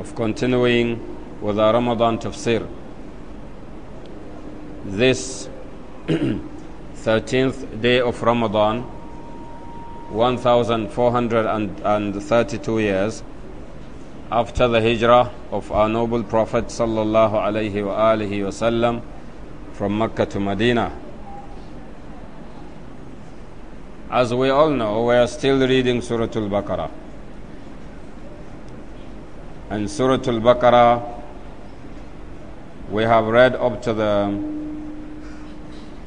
of continuing with our Ramadan tafsir. This 13th day of Ramadan, 1432 years after the hijrah of our noble Prophet sallallahu alaihi wasallam from Mecca to Medina. As we all know, we are still reading Surah Al-Baqarah. In Surah Al Baqarah, we have read up to the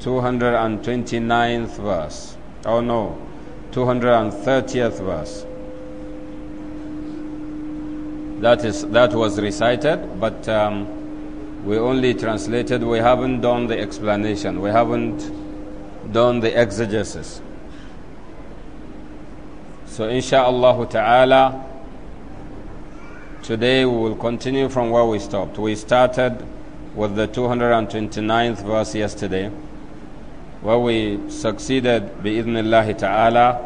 229th verse. Oh no, 230th verse. That, is, that was recited, but um, we only translated, we haven't done the explanation, we haven't done the exegesis. So, inshallah ta'ala Today we will continue from where we stopped. We started with the 229th verse yesterday, where we succeeded, bi'idhnillahi ta'ala,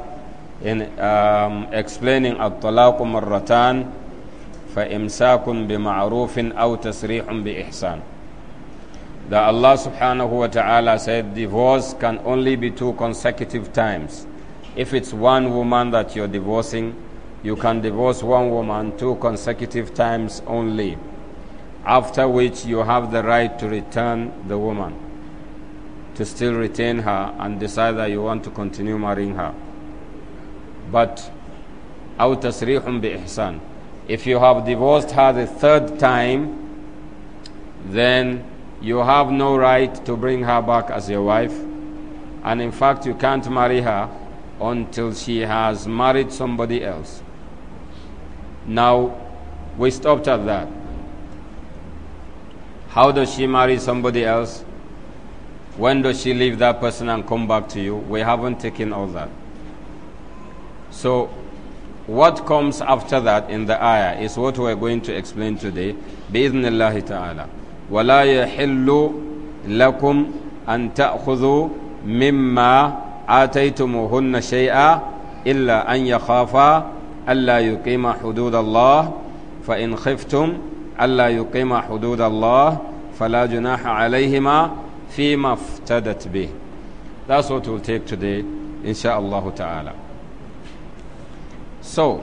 in um, explaining at-talaqu marratan فَإِمْسَاكٌ بِمَعْرُوفٍ أَوْ bi بِإِحْسَانٍ That Allah subhanahu wa ta'ala said, divorce can only be two consecutive times. If it's one woman that you're divorcing, you can divorce one woman two consecutive times only, after which you have the right to return the woman, to still retain her and decide that you want to continue marrying her. But, أو تسريح بإحسان if you have divorced her the third time, then you have no right to bring her back as your wife. And in fact, you can't marry her until she has married somebody else. Now, we stopped at that. How does she marry somebody else? When does she leave that person and come back to you? We haven't taken all that. So, what comes after that in the ayah is what we're going to explain today. بإذن الله تعالى ولا يحل لكم أن تأخذوا مما آتيتموهن شيئا إلا أن يخافا ألا يقيم حدود الله فإن خفتم ألا يقيم حدود الله فلا جناح عليهما فيما افتدت به That's what we'll take today, insha'Allah ta'ala. So,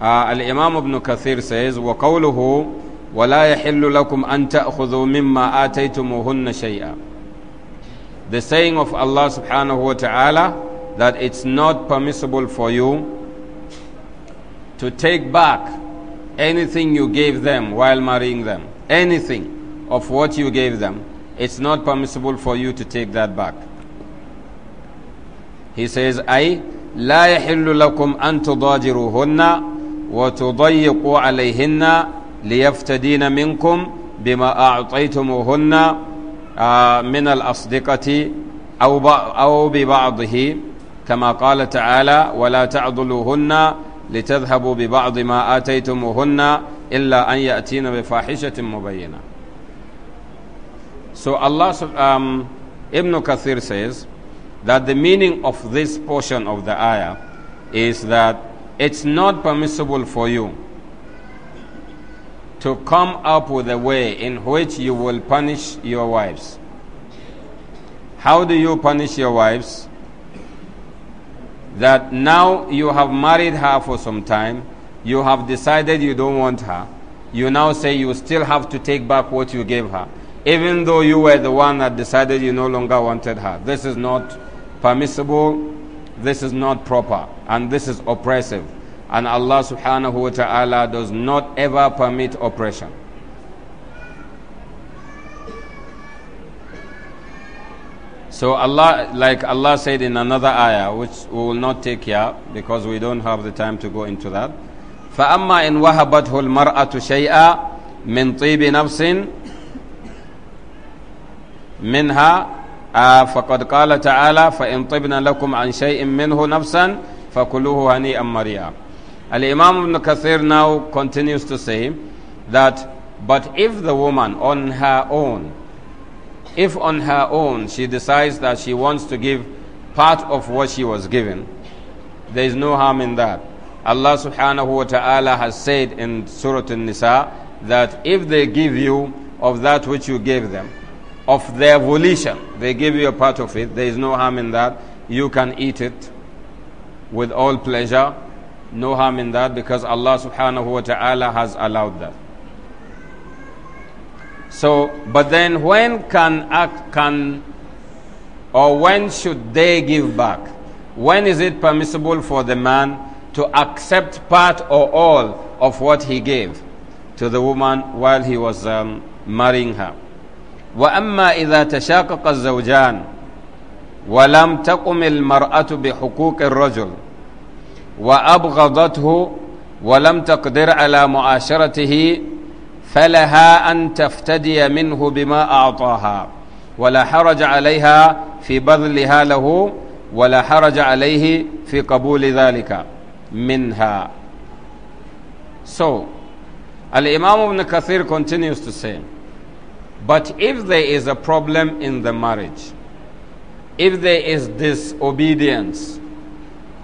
uh, Al-Imam ibn Kathir says, وَقَوْلُهُ وَلَا يَحِلُّ لَكُمْ أَن تَأْخُذُوا مِمَّا آتَيْتُمُهُنَّ شَيْئًا The saying of Allah subhanahu wa ta'ala, that it's not permissible for you to take back anything you gave them while marrying them, anything of what you gave them, it's not permissible for you to take that back. He says, I لا يحل لكم أن تضاجروهن وتضيقوا عليهن ليفتدين منكم بما أعطيتموهن من الأصدقة أو أو ببعضه كما قال تعالى ولا تعضلوهن لتذهبوا ببعض ما آتيتموهن إلا أن يأتين بفاحشة مبينة So Allah um, Ibn Kathir says that the meaning of this portion of the ayah is that it's not permissible for you to come up with a way in which you will punish your wives. How do you punish your wives? that now you have married her for some time, you have decided you don't want her, you now say you still have to take back what you gave her, even though you were the one that decided you no longer wanted her. This is not permissible, this is not proper, and this is oppressive. And Allah subhanahu wa ta'ala does not ever permit oppression. So Allah, like Allah said in another ayah, which we will not take here because we don't have the time to go into that. فأما إن وهبته المرأة شيئا من طيب نفس منها فقد قال تعالى فإن طبن لكم عن شيء منه نفسا فكلوه هنيئا مريئا Al-Imam ibn Kathir now continues to say that but if the woman on her own if on her own she decides that she wants to give part of what she was given, there is no harm in that. Allah subhanahu wa ta'ala has said in Surah An Nisa that if they give you of that which you gave them, of their volition, they give you a part of it, there is no harm in that. You can eat it with all pleasure, no harm in that because Allah subhanahu wa ta'ala has allowed that. So, but then when can act can or when should they give back? When is it permissible for the man to accept part or all of what he gave to the woman while he was um, marrying her? وأما إذا تشاقق الزوجان ولم تقم المرأة بحقوق الرجل وأبغضته ولم تقدر على معاشرته فلها أن تفتدي منه بما أعطاها ولا حرج عليها في بذلها له ولا حرج عليه في قبول ذلك منها So, Al-Imam ibn Kathir continues to say, But if there is a problem in the marriage, if there is disobedience,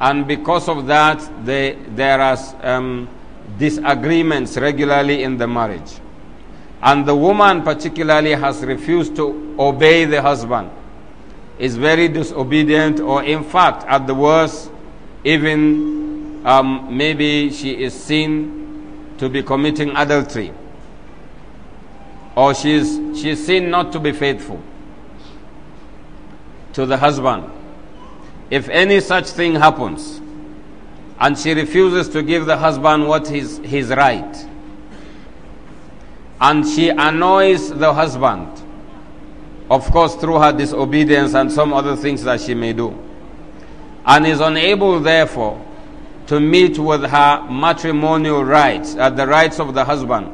and because of that they, there are um, disagreements regularly in the marriage, and the woman particularly has refused to obey the husband, is very disobedient, or in fact, at the worst, even um, maybe she is seen to be committing adultery, or she's, she's seen not to be faithful to the husband. If any such thing happens, and she refuses to give the husband what is his right, and she annoys the husband. Of course, through her disobedience and some other things that she may do. And is unable, therefore, to meet with her matrimonial rights, uh, the rights of the husband.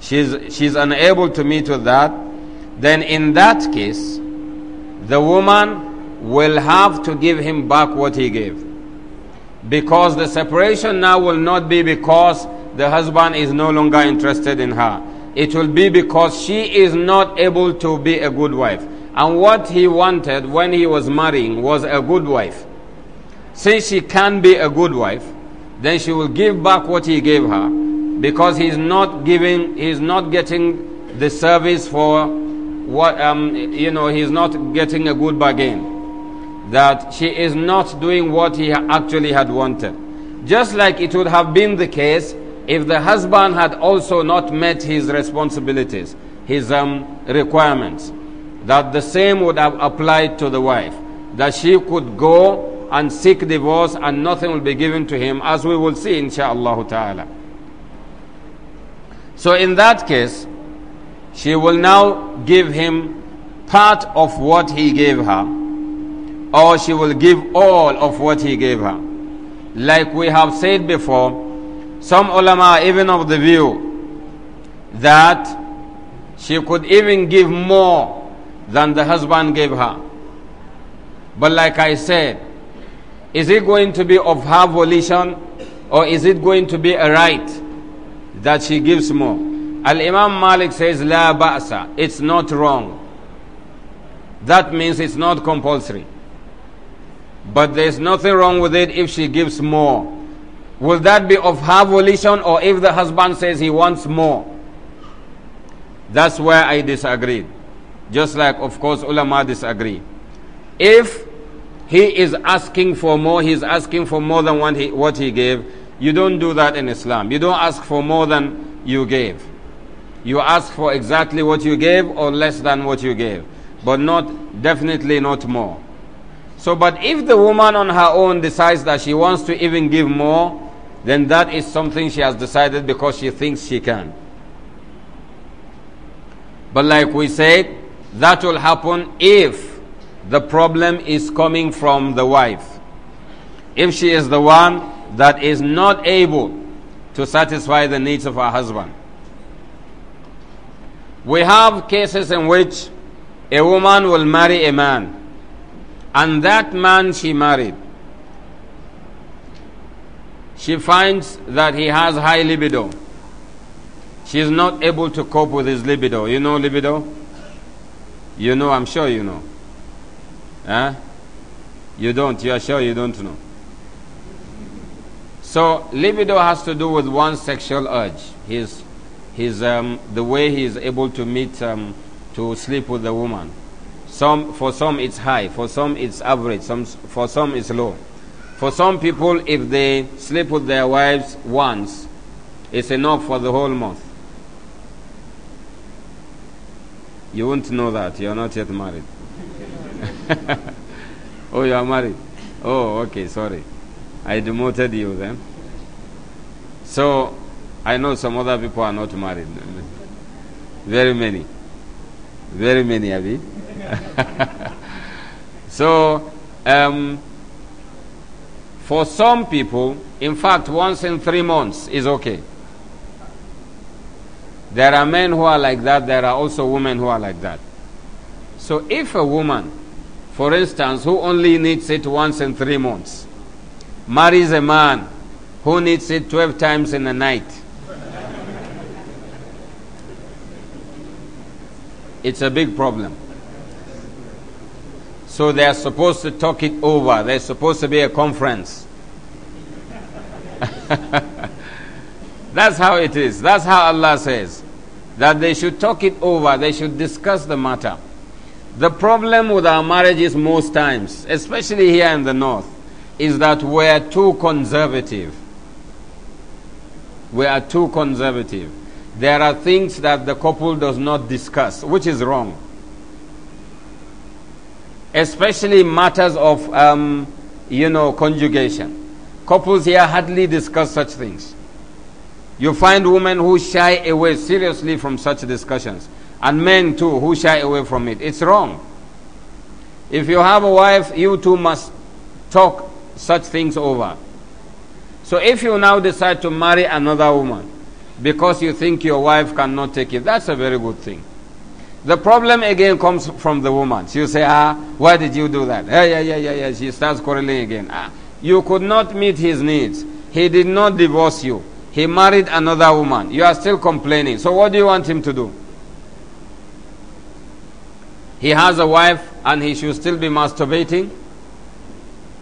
She's, she's unable to meet with that. Then, in that case, the woman will have to give him back what he gave. Because the separation now will not be because the husband is no longer interested in her. It will be because she is not able to be a good wife. And what he wanted when he was marrying was a good wife. Since she can be a good wife, then she will give back what he gave her because he's not giving, he's not getting the service for what, um, you know, he's not getting a good bargain. That she is not doing what he actually had wanted. Just like it would have been the case if the husband had also not met his responsibilities, his um, requirements, that the same would have applied to the wife, that she could go and seek divorce and nothing will be given to him, as we will see, insha'Allah ta'ala. So, in that case, she will now give him part of what he gave her, or she will give all of what he gave her. Like we have said before, some ulama even of the view that she could even give more than the husband gave her. But like I said, is it going to be of her volition or is it going to be a right that she gives more? Al Imam Malik says, La ba'sa, it's not wrong. That means it's not compulsory. But there's nothing wrong with it if she gives more Will that be of her volition or if the husband says he wants more? That's where I disagreed. Just like, of course, ulama disagree. If he is asking for more, he's asking for more than what he, what he gave, you don't do that in Islam. You don't ask for more than you gave. You ask for exactly what you gave or less than what you gave, but not, definitely not more. So, but if the woman on her own decides that she wants to even give more, then that is something she has decided because she thinks she can. But like we said, that will happen if the problem is coming from the wife. If she is the one that is not able to satisfy the needs of her husband. We have cases in which a woman will marry a man, and that man she married she finds that he has high libido. She's not able to cope with his libido. You know libido? You know, I'm sure you know. Huh? You don't, you are sure you don't know. So libido has to do with one sexual urge. His, his, um, the way he is able to meet, um, to sleep with the woman. Some, for some it's high, for some it's average, some, for some it's low. For some people, if they sleep with their wives once, it's enough for the whole month. You won't know that. You're not yet married. oh, you are married. Oh, okay, sorry. I demoted you then. So, I know some other people are not married. Very many. Very many, Abby. so, um, for some people, in fact, once in three months is okay. There are men who are like that, there are also women who are like that. So if a woman, for instance, who only needs it once in three months, marries a man who needs it 12 times in a night, it's a big problem. So they are supposed to talk it over. There's supposed to be a conference. That's how it is. That's how Allah says that they should talk it over, they should discuss the matter. The problem with our marriages, most times, especially here in the north, is that we're too conservative. We are too conservative. There are things that the couple does not discuss, which is wrong especially matters of, um, you know, conjugation. Couples here hardly discuss such things. You find women who shy away seriously from such discussions, and men too who shy away from it. It's wrong. If you have a wife, you too must talk such things over. So if you now decide to marry another woman because you think your wife cannot take it, that's a very good thing. The problem again comes from the woman. She'll say, ah, why did you do that? Yeah, yeah, yeah, yeah, yeah. She starts quarreling again. Ah, you could not meet his needs. He did not divorce you. He married another woman. You are still complaining. So what do you want him to do? He has a wife and he should still be masturbating?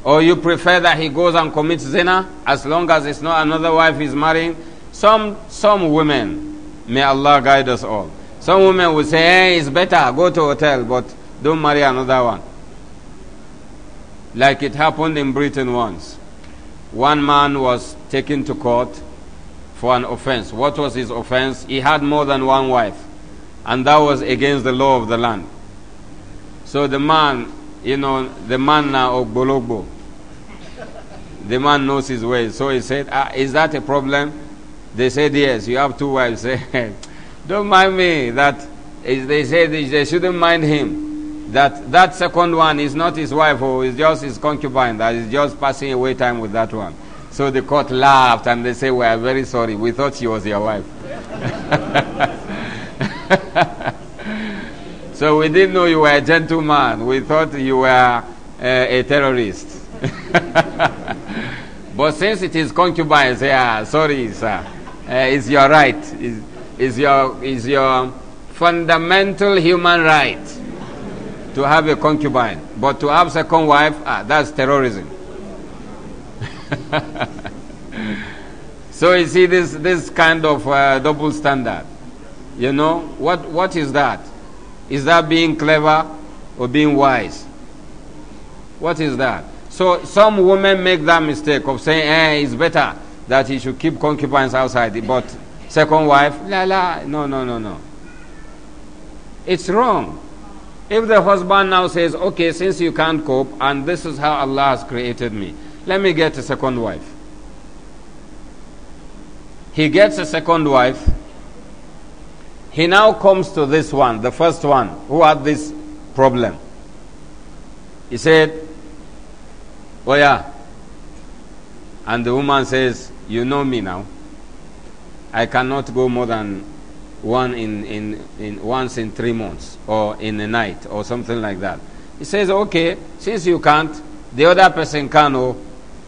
Or you prefer that he goes and commits zina as long as it's not another wife he's marrying? Some, some women, may Allah guide us all some women will say, hey, eh, it's better, go to hotel, but don't marry another one. Like it happened in Britain once. One man was taken to court for an offense. What was his offense? He had more than one wife, and that was against the law of the land. So the man, you know, the man now of Bolobo, the man knows his way. So he said, ah, Is that a problem? They said, Yes, you have two wives. Eh, don't mind me that is they say they shouldn't mind him. That that second one is not his wife who is just his concubine that is just passing away time with that one. So the court laughed and they say we are very sorry. We thought she was your wife. so we didn't know you were a gentleman. We thought you were uh, a terrorist. but since it is concubines, yeah, sorry, sir. Uh, it's your right. It's, is your, is your fundamental human right to have a concubine. But to have second wife, ah, that's terrorism. so you see this, this kind of uh, double standard. You know, what, what is that? Is that being clever or being wise? What is that? So some women make that mistake of saying, eh, it's better that he should keep concubines outside. But second wife, la la. No, no, no, no. It's wrong. If the husband now says, okay, since you can't cope and this is how Allah has created me, let me get a second wife. He gets a second wife. He now comes to this one, the first one, who had this problem. He said, Oh, yeah. And the woman says, You know me now. I cannot go more than one in, in, in once in three months or in a night or something like that. He says, okay, since you can't, the other person can. Oh,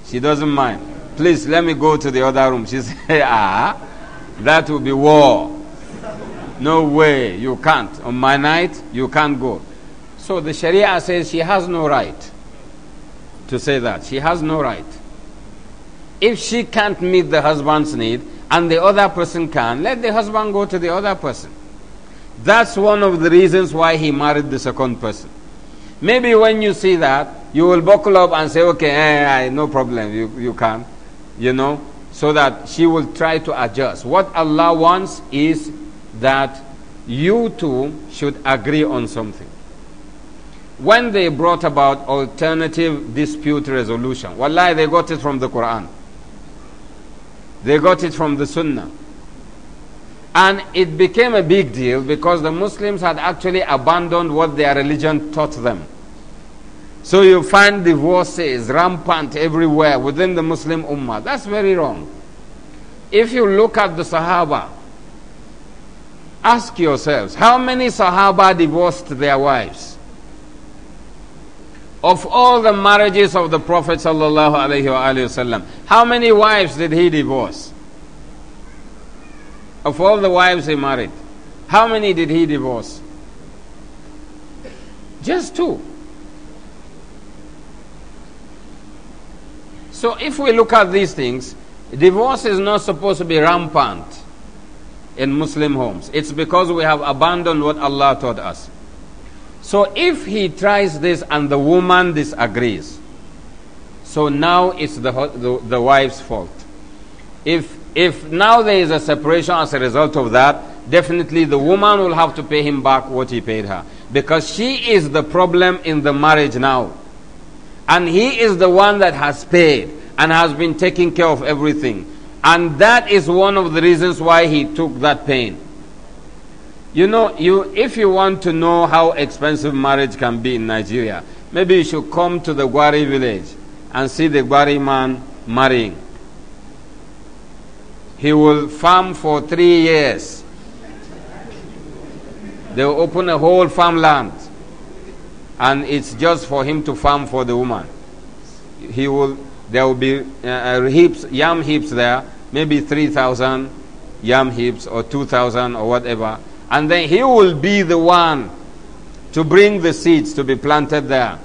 she doesn't mind. Please let me go to the other room. She says, ah, that will be war. No way, you can't. On my night, you can't go. So the Sharia says she has no right to say that. She has no right. If she can't meet the husband's need, and the other person can, let the husband go to the other person. That's one of the reasons why he married the second person. Maybe when you see that, you will buckle up and say, okay, eh, eh, no problem, you, you can, you know, so that she will try to adjust. What Allah wants is that you two should agree on something. When they brought about alternative dispute resolution, wallahi, they got it from the Quran. They got it from the Sunnah. And it became a big deal because the Muslims had actually abandoned what their religion taught them. So you find divorces rampant everywhere within the Muslim Ummah. That's very wrong. If you look at the Sahaba, ask yourselves how many Sahaba divorced their wives? Of all the marriages of the Prophet sallallahu how many wives did he divorce? Of all the wives he married, how many did he divorce? Just two. So if we look at these things, divorce is not supposed to be rampant in Muslim homes. It's because we have abandoned what Allah taught us. So if he tries this and the woman disagrees, so now it's the, the, the wife's fault. If, if now there is a separation as a result of that, definitely the woman will have to pay him back what he paid her. Because she is the problem in the marriage now. And he is the one that has paid and has been taking care of everything. And that is one of the reasons why he took that pain. You know, you, if you want to know how expensive marriage can be in Nigeria, maybe you should come to the Gwari village and see the Gwari man marrying. He will farm for three years. They will open a whole farmland, and it's just for him to farm for the woman. He will, there will be uh, uh heaps, yam heaps there, maybe 3,000 yam heaps or 2,000 or whatever and then he will be the one to bring the seeds to be planted there.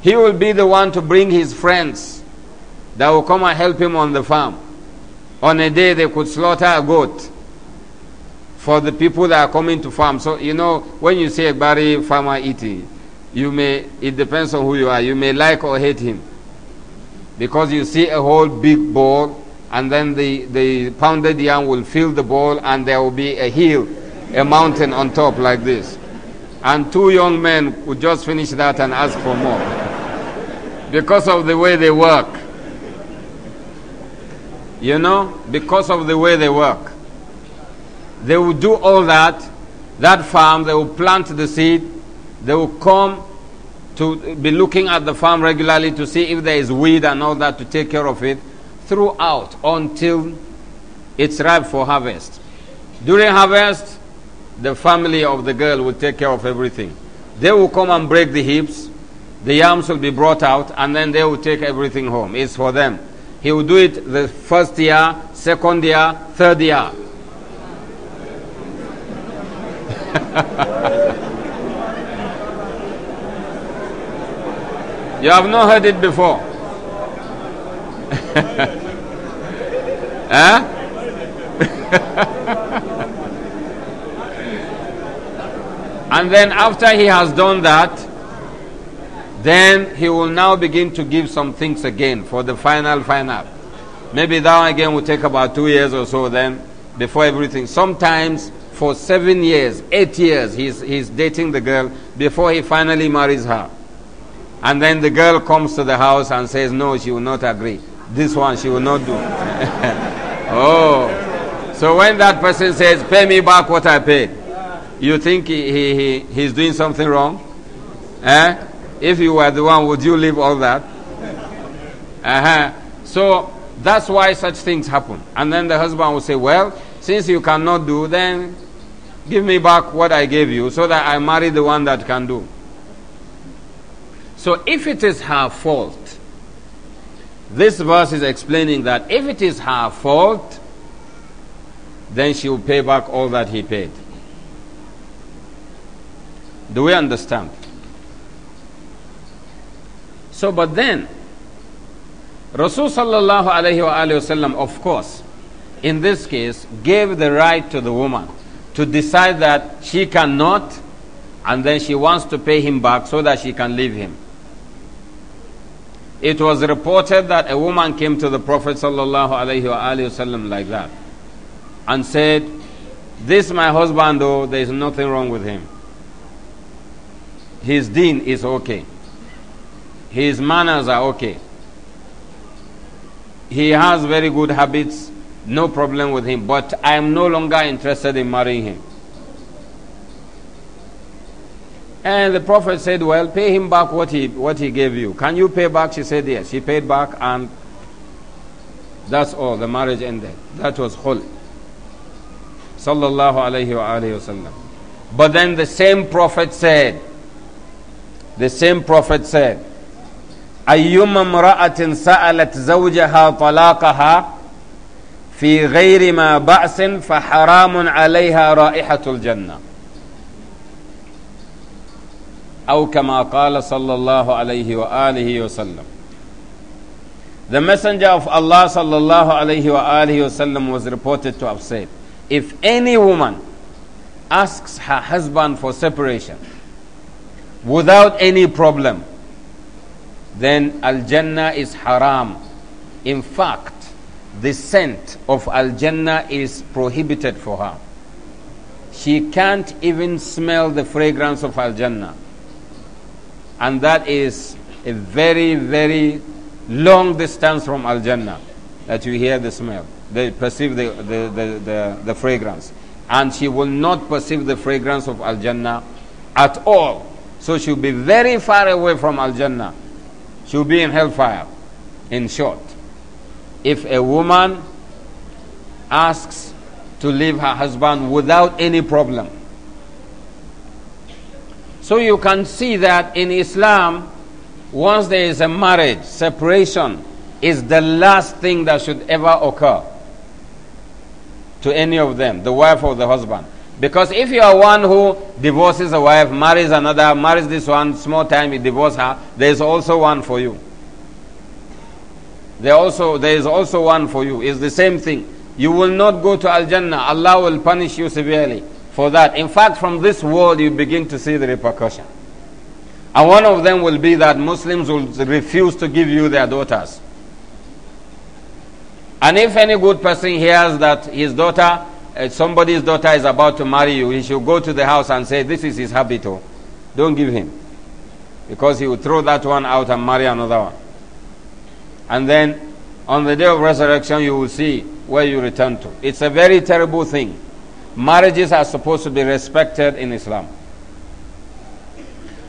He will be the one to bring his friends that will come and help him on the farm. On a day they could slaughter a goat for the people that are coming to farm. So you know when you see a Bari farmer eating, you may it depends on who you are. You may like or hate him. Because you see a whole big ball and then the, the pounded yam will fill the bowl and there will be a hill a mountain on top like this. And two young men would just finish that and ask for more. Because of the way they work. You know, because of the way they work. They would do all that, that farm, they will plant the seed, they will come to be looking at the farm regularly to see if there is weed and all that to take care of it throughout until it's ripe for harvest. During harvest, the family of the girl will take care of everything. They will come and break the hips. the yams will be brought out, and then they will take everything home. It's for them. He will do it the first year, second year, third year. you have not heard it before. eh? And then after he has done that, then he will now begin to give some things again for the final, final. Maybe that again will take about two years or so then before everything. Sometimes for seven years, eight years, he's, he's dating the girl before he finally marries her. And then the girl comes to the house and says, No, she will not agree. This one she will not do. oh. So when that person says, Pay me back what I paid, you think he, he, he's doing something wrong? Eh? If you were the one, would you leave all that? Uh-huh. So that's why such things happen. And then the husband will say, Well, since you cannot do, then give me back what I gave you so that I marry the one that can do. So if it is her fault, this verse is explaining that if it is her fault, then she will pay back all that he paid. Do we understand? So, but then, Rasul sallallahu alayhi wa of course, in this case, gave the right to the woman to decide that she cannot and then she wants to pay him back so that she can leave him. It was reported that a woman came to the Prophet sallallahu alayhi wa wasallam like that and said, This my husband, though, there is nothing wrong with him. His deen is okay. His manners are okay. He has very good habits, no problem with him, but I am no longer interested in marrying him. And the Prophet said, Well, pay him back what he, what he gave you. Can you pay back? She said, Yes. She paid back, and that's all. The marriage ended. That was khul. Sallallahu alayhi wa But then the same Prophet said, the same prophet said, أَيُّمَّ مْرَأَةٍ سَأَلَتْ زَوْجَهَا طَلَاقَهَا فِي غَيْرِ مَا بَعْسٍ فَحَرَامٌ عَلَيْهَا رَائِحَةُ الْجَنَّةِ أو كما قال صلى الله عليه وآله وسلم The messenger of Allah sallallahu alayhi wa alihi wasallam was reported to have said, If any woman asks her husband for separation, without any problem, then Al Jannah is haram. In fact, the scent of Al Jannah is prohibited for her. She can't even smell the fragrance of Al Jannah. And that is a very, very long distance from Al Jannah that you hear the smell, they perceive the, the, the, the, the fragrance. And she will not perceive the fragrance of Al Jannah at all so she'll be very far away from Al Jannah. She'll be in hellfire, in short. If a woman asks to leave her husband without any problem. So you can see that in Islam, once there is a marriage, separation is the last thing that should ever occur to any of them, the wife or the husband. Because if you are one who divorces a wife, marries another, marries this one, small time you divorce her, there is also one for you. There also there is also one for you. It's the same thing. You will not go to Al Jannah. Allah will punish you severely for that. In fact, from this world you begin to see the repercussion. And one of them will be that Muslims will refuse to give you their daughters. And if any good person hears that his daughter uh, somebody's daughter is about to marry you, he should go to the house and say, This is his habit. Oh. Don't give him. Because he will throw that one out and marry another one. And then on the day of resurrection, you will see where you return to. It's a very terrible thing. Marriages are supposed to be respected in Islam.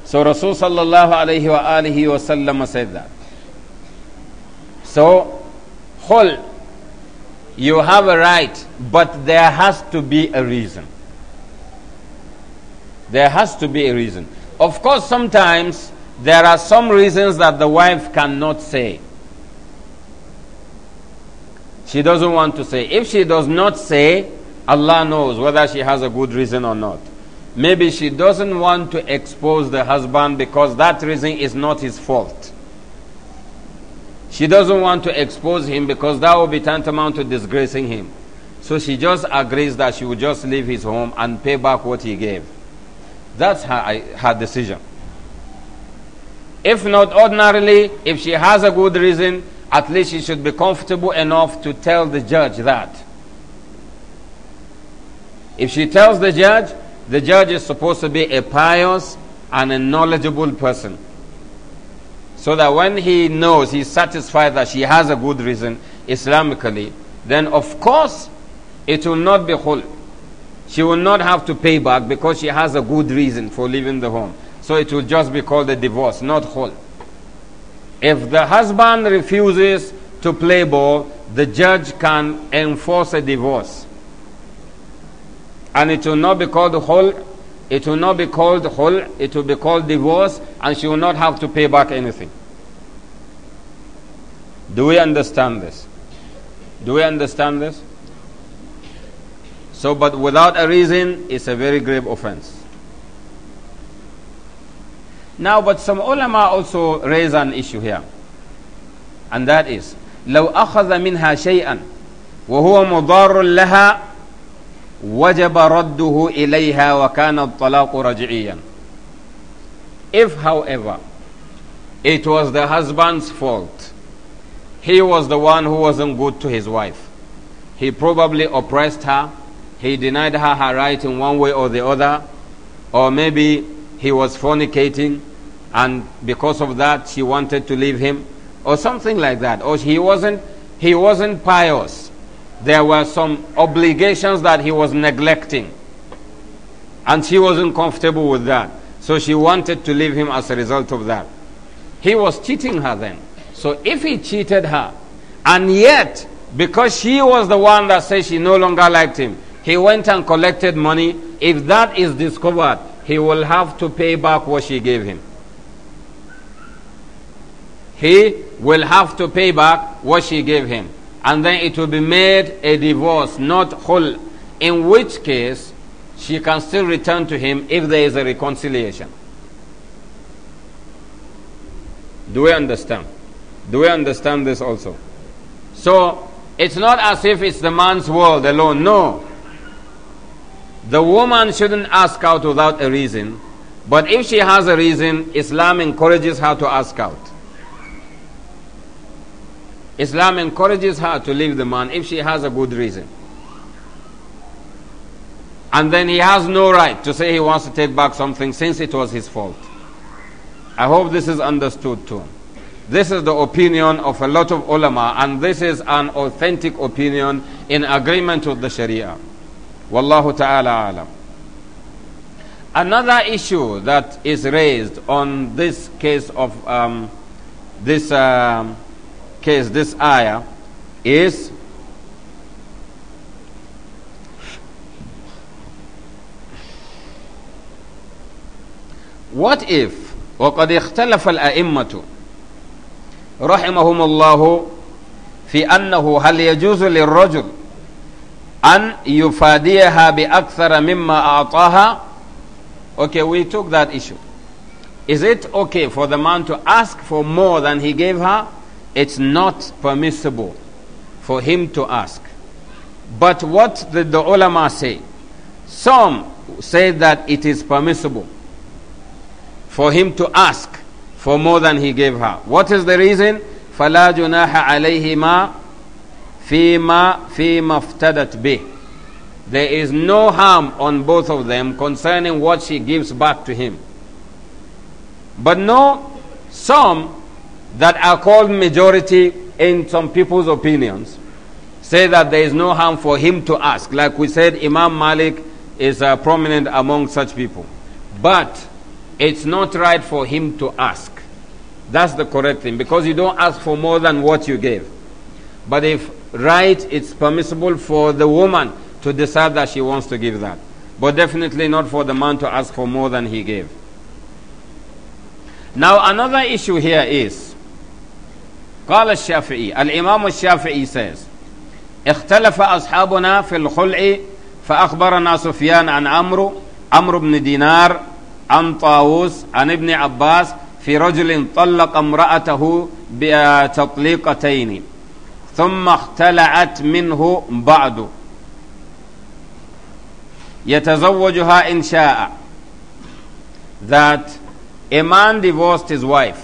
So Rasul sallallahu alayhi wa alihi wa sallam said that. So, hold. You have a right, but there has to be a reason. There has to be a reason. Of course, sometimes there are some reasons that the wife cannot say. She doesn't want to say. If she does not say, Allah knows whether she has a good reason or not. Maybe she doesn't want to expose the husband because that reason is not his fault. She doesn't want to expose him because that would be tantamount to disgracing him. So she just agrees that she will just leave his home and pay back what he gave. That's her, her decision. If not ordinarily, if she has a good reason, at least she should be comfortable enough to tell the judge that. If she tells the judge, the judge is supposed to be a pious and a knowledgeable person. So that when he knows, he's satisfied that she has a good reason Islamically, then of course it will not be khul. She will not have to pay back because she has a good reason for leaving the home. So it will just be called a divorce, not khul. If the husband refuses to play ball, the judge can enforce a divorce. And it will not be called khul, it will not be called hul, it will be called divorce, and she will not have to pay back anything. Do we understand this? Do we understand this? So, but without a reason, it's a very grave offense. Now, but some ulama also raise an issue here, and that is لو أخذ منها شيئا وهو مضار لها وَجَبَ رَدُّهُ إِلَيْهَا وَكَانَ الطَّلَاقُ رَجْعِيًّا If, however, it was the husband's fault, he was the one who wasn't good to his wife. He probably oppressed her, he denied her her right in one way or the other, or maybe he was fornicating and because of that she wanted to leave him, or something like that. Or he wasn't, he wasn't pious there were some obligations that he was neglecting. And she wasn't comfortable with that. So she wanted to leave him as a result of that. He was cheating her then. So if he cheated her, and yet, because she was the one that said she no longer liked him, he went and collected money. If that is discovered, he will have to pay back what she gave him. He will have to pay back what she gave him and then it will be made a divorce, not whole, in which case she can still return to him if there is a reconciliation. Do we understand? Do we understand this also? So, it's not as if it's the man's world alone. No. The woman shouldn't ask out without a reason. But if she has a reason, Islam encourages her to ask out. Islam encourages her to leave the man if she has a good reason. And then he has no right to say he wants to take back something since it was his fault. I hope this is understood too. This is the opinion of a lot of ulama, and this is an authentic opinion in agreement with the Sharia. Wallahu ta'ala alam. Another issue that is raised on this case of um, this. Um, case, this ayah is what if وقد اختلف الأئمة رحمهم الله في أنه هل يجوز للرجل أن يفاديها بأكثر مما أعطاها Okay, we took that issue. Is it okay for the man to ask for more than he gave her? it's not permissible for him to ask. But what did the ulama say? Some say that it is permissible for him to ask for more than he gave her. What is the reason? فَلَا جُنَاحَ عَلَيْهِمَا فِيمَا فِيمَا افْتَدَتْ بِهِ There is no harm on both of them concerning what she gives back to him. But no, some that are called majority in some people's opinions say that there is no harm for him to ask. Like we said, Imam Malik is uh, prominent among such people. But it's not right for him to ask. That's the correct thing because you don't ask for more than what you gave. But if right, it's permissible for the woman to decide that she wants to give that. But definitely not for the man to ask for more than he gave. Now, another issue here is قال الشافعي الإمام الشافعي says اختلف أصحابنا في الخلع فأخبرنا سفيان عن عمرو عمرو بن دينار عن طاووس عن ابن عباس في رجل طلق امرأته بتطليقتين ثم اختلعت منه بعد يتزوجها إن شاء that a man divorced his wife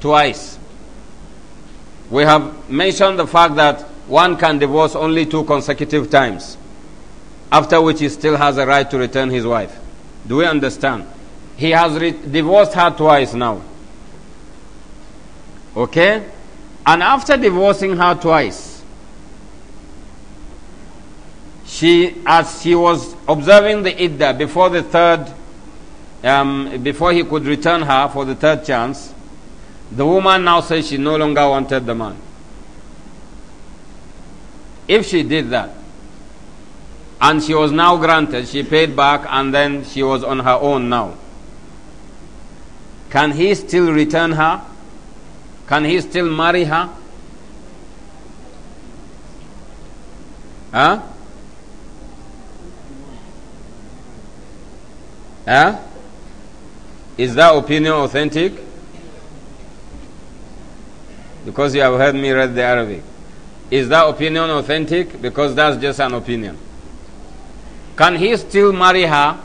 twice We have mentioned the fact that one can divorce only two consecutive times, after which he still has a right to return his wife. Do we understand? He has divorced her twice now. Okay? And after divorcing her twice, she, as she was observing the idda before the third, um, before he could return her for the third chance, the woman now says she no longer wanted the man. If she did that, and she was now granted, she paid back, and then she was on her own now. Can he still return her? Can he still marry her? Huh? Huh? Is that opinion authentic? because you have heard me read the Arabic. Is that opinion authentic? Because that's just an opinion. Can he still marry her?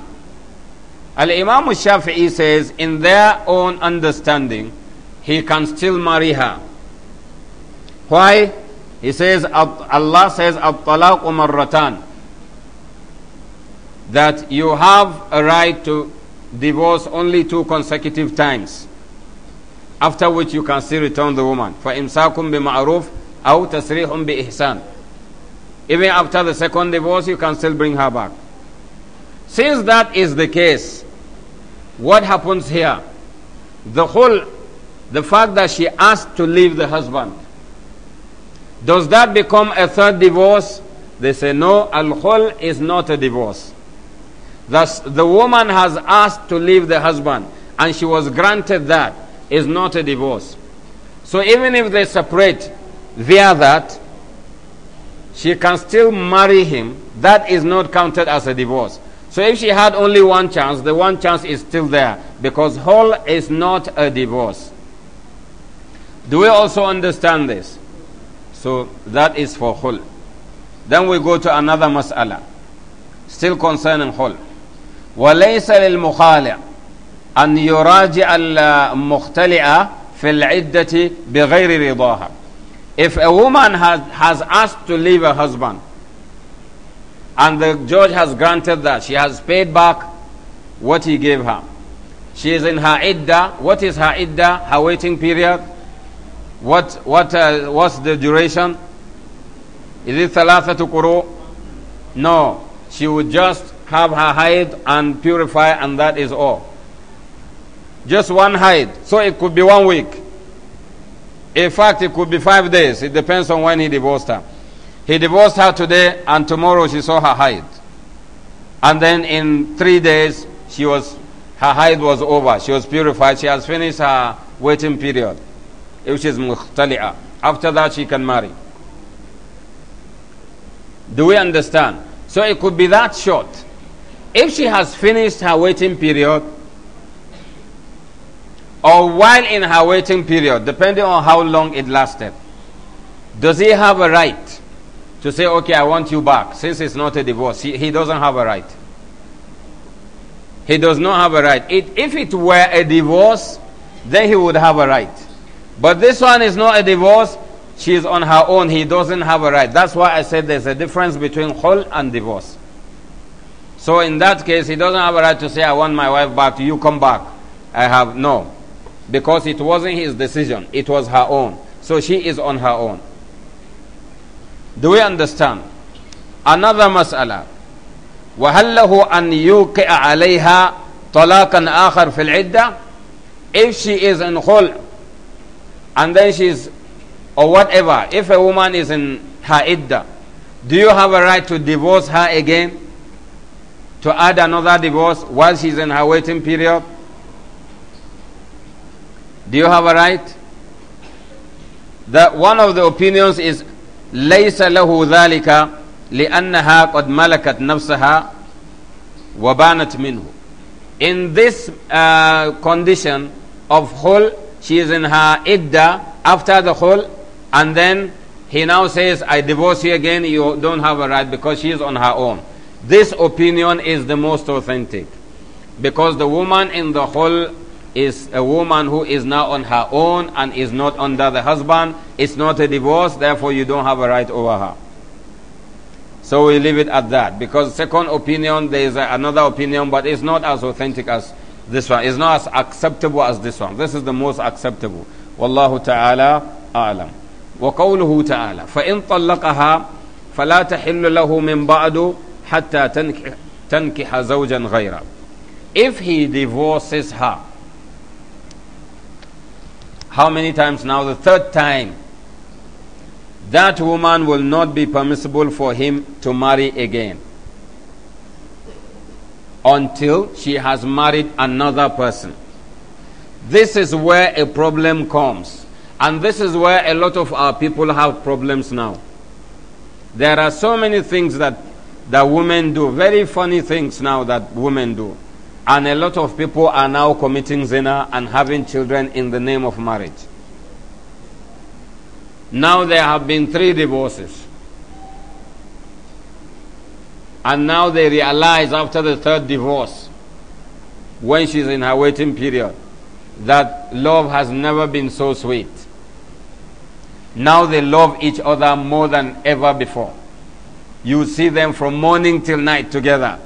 Al Imam Shafi'i says, in their own understanding, he can still marry her. Why? He says, Allah says, at Umar Ratan," That you have a right to divorce only two consecutive times. After which you can still return the woman. فَإِمْسَاكٌ بِمَعْرُوفٍ أَوْ تَسْرِيحٌ بِإِحْسَانٍ Even after the second divorce, you can still bring her back. Since that is the case, what happens here? The whole, the fact that she asked to leave the husband, does that become a third divorce? They say no, al is not a divorce. Thus, the woman has asked to leave the husband, and she was granted that is not a divorce. So even if they separate via that, she can still marry him. That is not counted as a divorce. So if she had only one chance, the one chance is still there because whole is not a divorce. Do we also understand this? So that is for whole. Then we go to another mas'ala, still concerning whole. وَلَيْسَ لِلْمُخَالِعِ أن يراجع المختلئة في العدة بغير رضاها If a woman has, has asked to leave her husband and the judge has granted that, she has paid back what he gave her. She is in her idda. What is her idda? Her waiting period? What, what, uh, what's the duration? Is it thalathatu quru? No. She would just have her hide and purify and that is all. Just one hide. So it could be one week. In fact, it could be five days. It depends on when he divorced her. He divorced her today, and tomorrow she saw her hide. And then in three days, she was her hide was over. She was purified. She has finished her waiting period, which is mukhtali'ah. After that, she can marry. Do we understand? So it could be that short. If she has finished her waiting period, or while in her waiting period, depending on how long it lasted, does he have a right to say, okay, I want you back? Since it's not a divorce, he, he doesn't have a right. He does not have a right. It, if it were a divorce, then he would have a right. But this one is not a divorce. She is on her own. He doesn't have a right. That's why I said there's a difference between khul and divorce. So in that case, he doesn't have a right to say, I want my wife back. You come back. I have no because it wasn't his decision, it was her own. So she is on her own. Do we understand? Another mas'ala. وهل له أن يوقع عليها طلاقا آخر في العدة if she is in khul and then she's or whatever if a woman is in her idda do you have a right to divorce her again to add another divorce while she's in her waiting period do you have a right? That one of the opinions is ليس له ذلك لأنها قد ملكت نفسها وبانت منه. In this uh, condition of whole, she is in her idda after the whole, and then he now says, I divorce you again, you don't have a right because she is on her own. This opinion is the most authentic because the woman in the whole is a woman who is now on her own and is not under the husband. It's not a divorce, therefore you don't have a right over her. So we leave it at that. Because second opinion, there is another opinion, but it's not as authentic as this one. It's not as acceptable as this one. This is the most acceptable. Wallahu ta'ala a'lam. وقوله Taala. فإن طلقها فلا تحل له من بعد حتى تنكح زوجا غيره if he divorces her how many times now? The third time. That woman will not be permissible for him to marry again until she has married another person. This is where a problem comes. And this is where a lot of our people have problems now. There are so many things that, that women do, very funny things now that women do. And a lot of people are now committing zina and having children in the name of marriage. Now there have been three divorces. And now they realize after the third divorce, when she's in her waiting period, that love has never been so sweet. Now they love each other more than ever before. You see them from morning till night together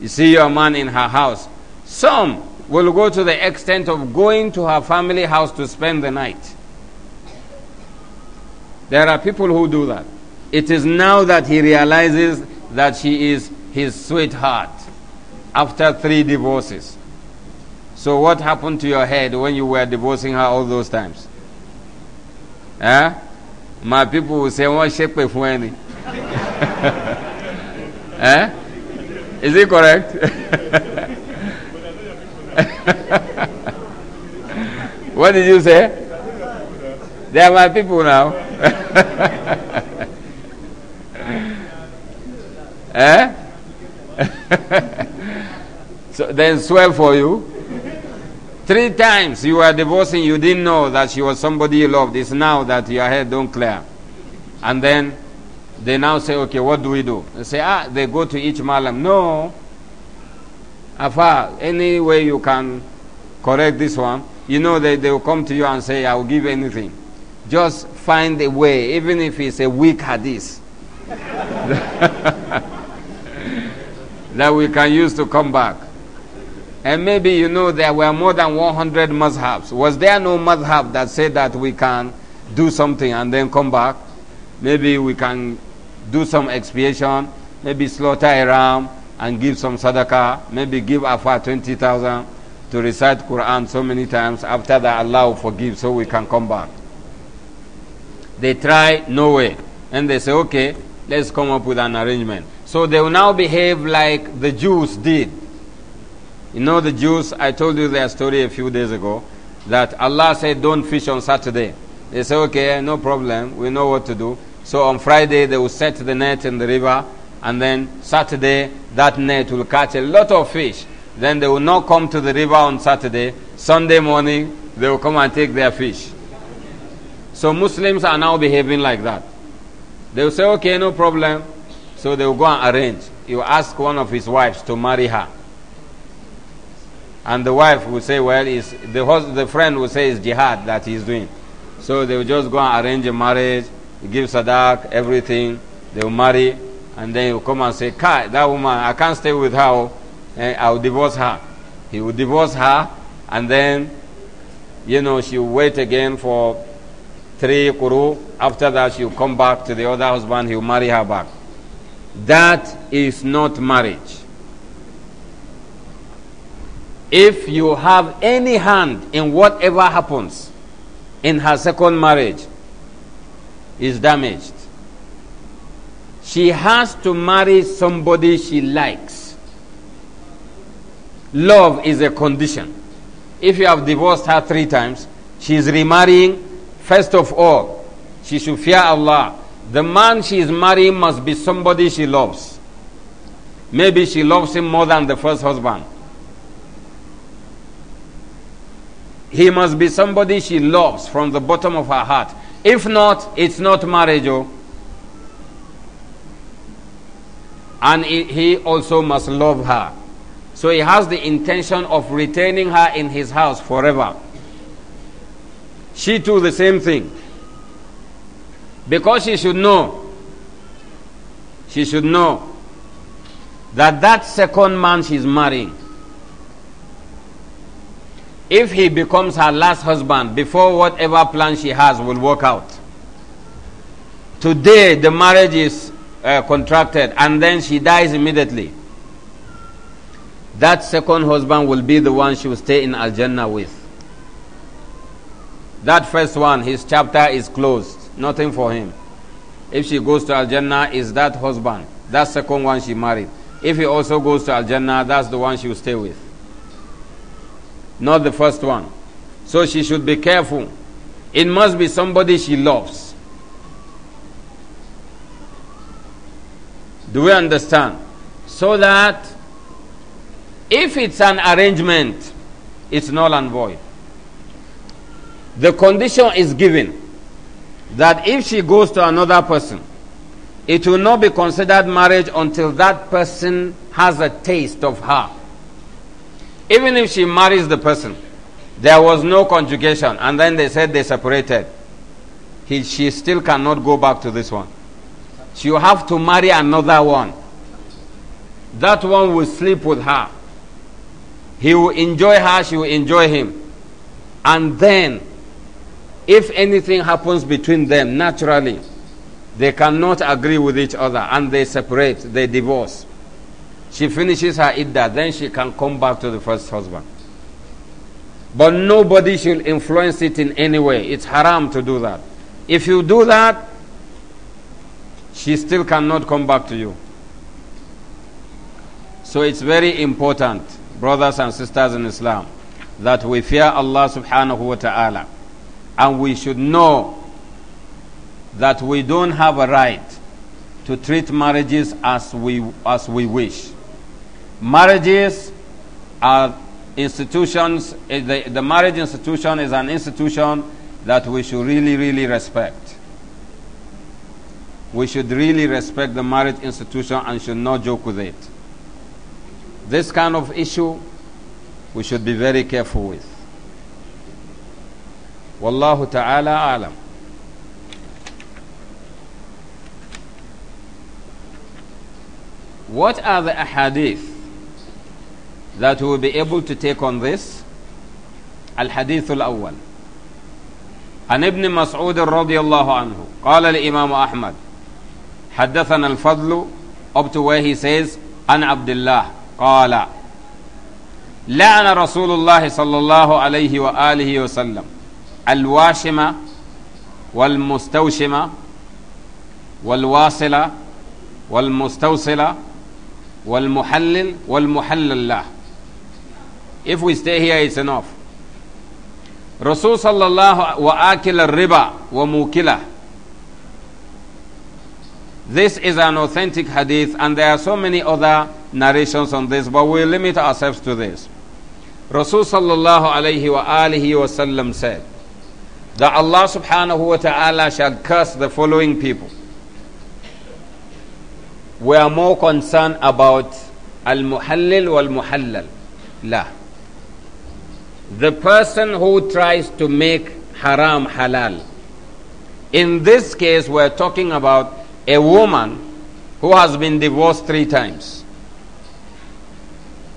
you see your man in her house. Some will go to the extent of going to her family house to spend the night. There are people who do that. It is now that he realizes that she is his sweetheart after three divorces. So, what happened to your head when you were divorcing her all those times? Eh? My people will say, What shape of Eh? Is it correct? what did you say? They are my people now. eh? so then swear for you. Three times you were divorcing, you didn't know that she was somebody you loved. It's now that your head don't clear. And then they now say, okay, what do we do? They say, ah, they go to each malam. No. Afar, any way you can correct this one, you know they, they will come to you and say, I will give anything. Just find a way, even if it's a weak hadith, that we can use to come back. And maybe you know there were more than 100 mazhabs. Was there no mazhab that said that we can do something and then come back? Maybe we can do some expiation, maybe slaughter a ram and give some sadaqah, maybe give afa 20,000 to recite Quran so many times. After that, Allah will forgive so we can come back. They try, no way. And they say, okay, let's come up with an arrangement. So they will now behave like the Jews did. You know, the Jews, I told you their story a few days ago that Allah said, don't fish on Saturday. They say, okay, no problem, we know what to do. So on Friday, they will set the net in the river, and then Saturday, that net will catch a lot of fish. Then they will not come to the river on Saturday. Sunday morning, they will come and take their fish. So Muslims are now behaving like that. They will say, okay, no problem. So they will go and arrange. You ask one of his wives to marry her. And the wife will say, well, is the, the friend will say it's jihad that he's doing. So they will just go and arrange a marriage you give sadak, everything, they'll marry, and then you come and say, Kai, that woman, I can't stay with her, oh. eh, I'll divorce her. He will divorce her, and then, you know, she'll wait again for three kuru. After that, she'll come back to the other husband, he'll marry her back. That is not marriage. If you have any hand in whatever happens in her second marriage, is damaged. She has to marry somebody she likes. Love is a condition. If you have divorced her three times, she is remarrying. First of all, she should fear Allah. The man she is marrying must be somebody she loves. Maybe she loves him more than the first husband. He must be somebody she loves from the bottom of her heart. If not, it's not marriage. Oh. And he also must love her. So he has the intention of retaining her in his house forever. She too, the same thing. Because she should know, she should know that that second man she's marrying if he becomes her last husband before whatever plan she has will work out. Today the marriage is uh, contracted and then she dies immediately. That second husband will be the one she will stay in Al Jannah with. That first one, his chapter is closed, nothing for him. If she goes to Al Jannah, is that husband, that second one she married. If he also goes to Al Jannah, that's the one she will stay with not the first one. So she should be careful. It must be somebody she loves. Do we understand? So that if it's an arrangement, it's null and void. The condition is given that if she goes to another person, it will not be considered marriage until that person has a taste of her. Even if she marries the person, there was no conjugation, and then they said they separated, he, she still cannot go back to this one. She will have to marry another one. That one will sleep with her. He will enjoy her, she will enjoy him. And then, if anything happens between them naturally, they cannot agree with each other and they separate, they divorce. She finishes her idda, then she can come back to the first husband. But nobody should influence it in any way. It's haram to do that. If you do that, she still cannot come back to you. So it's very important, brothers and sisters in Islam, that we fear Allah subhanahu wa ta'ala. And we should know that we don't have a right to treat marriages as we, as we wish. Marriages are institutions, eh, the, the marriage institution is an institution that we should really, really respect. We should really respect the marriage institution and should not joke with it. This kind of issue we should be very careful with. Wallahu ta'ala alam. What are the ahadith that we will be able to take on this الحديث الأول عن ابن مسعود رضي الله عنه قال الإمام أحمد حدثنا الفضل up to where he says عن عبد الله قال لعن رسول الله صلى الله عليه وآله وسلم الواشمة والمستوشمة والواصلة والمستوصلة والمحلل والمحلل له if we stay here, it's enough. Rasul sallallahu wa akila riba wa mukila. This is an authentic hadith, and there are so many other narrations on this, but we limit ourselves to this. Rasul sallallahu alayhi wa alihi wa sallam said that Allah subhanahu wa ta'ala shall curse the following people. We are more concerned about al-muhallil wal-muhallal. La the person who tries to make haram halal. In this case, we're talking about a woman who has been divorced three times.